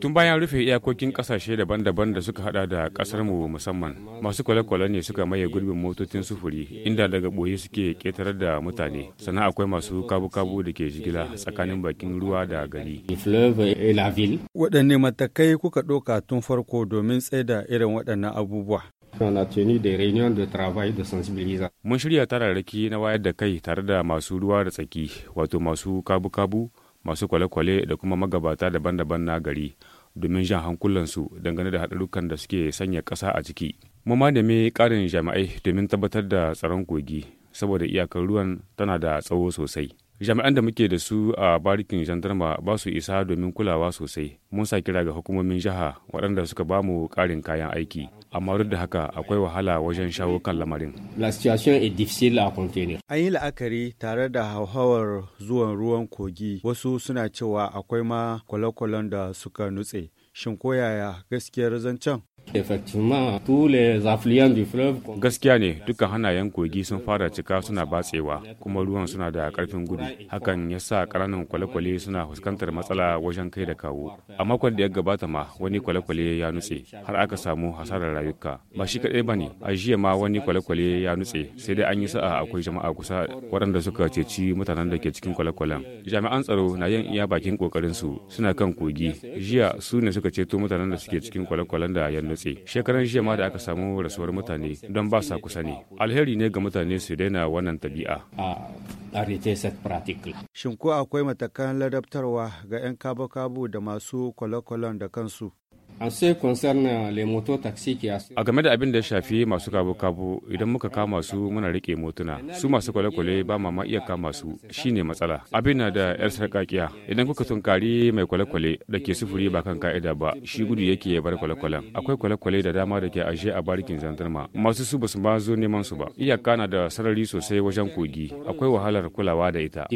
Tun bayan rufe iyakokin kasashe daban-daban da suka hada da kasar mu musamman masu kwale-kwale ne suka maye gurbin motocin sufuri inda daga boye suke ketarar da mutane sannan akwai masu kabu-kabu da ke jigila tsakanin bakin ruwa da gari. Waɗanne matakai kuka ɗauka tun farko domin tsaida irin waɗannan abubuwa? Mun shirya tararraki na wayar da kai tare da masu ruwa da tsaki wato masu kabu-kabu masu kwale-kwale da kuma magabata daban-daban na gari domin jan hankulansu dangane da haɗarukan da suke sanya ƙasa a ciki. Mu ma nemi ƙarin jami'ai domin tabbatar da tsaron kogi saboda iyakar ruwan tana da tsawo sosai. Jami'an da muke da su a barikin jandarma ba su isa domin kulawa sosai. Mun sa kira ga hukumomin jiha waɗanda suka bamu ƙarin kayan aiki. amma duk da haka akwai wahala wajen shawo kan lamarin. La situation est difficile à contenir. An yi la'akari tare da hauhawar zuwan ruwan kogi wasu suna cewa akwai ma kwale-kwalen da suka nutse. Shin koyaya gaskiyar zancen? Gaskiya ne duka hannayen kogi sun fara cika suna batsewa kuma ruwan suna da karfin gudu hakan ya sa ƙananan kwale-kwale suna fuskantar matsala wajen kai da kawo. A makon da ya gabata ma wani kwale-kwale ya nutse har aka samu hasarar rayuka. Ba shi kaɗai ba ne a jiya ma wani kwale-kwale ya nutse sai dai an yi sa'a akwai jama'a kusa waɗanda suka ceci mutanen da ke cikin kwale-kwalen. Jami'an tsaro na yin iya bakin ƙoƙarinsu suna kan kogi jiya su ne suka ceto mutanen da suke cikin kwale-kwalen da ya nutse. rantse shekaran jiya ma da aka samu rasuwar mutane don ba sa kusa ne alheri ne ga mutane su daina wannan tabi'a shin ko akwai matakan ladabtarwa ga 'yan kabo-kabo da masu kwale-kwalen da kansu A game da abin da ya shafi masu kabu-kabu idan muka kama su muna rike motuna su masu kwale-kwale ba ma ma iya kama su shine matsala. Abin na da yar sarkakiya idan kuka tunkari mai kwale-kwale da ke sufuri ba kan ka'ida ba shi gudu yake ya bar kwale-kwalen. Akwai kwale-kwale da dama da ke aje a barikin zandarma masu su basu ma zo neman su ba. Iyaka na da sarari sosai wajen kogi akwai wahalar kulawa da ita.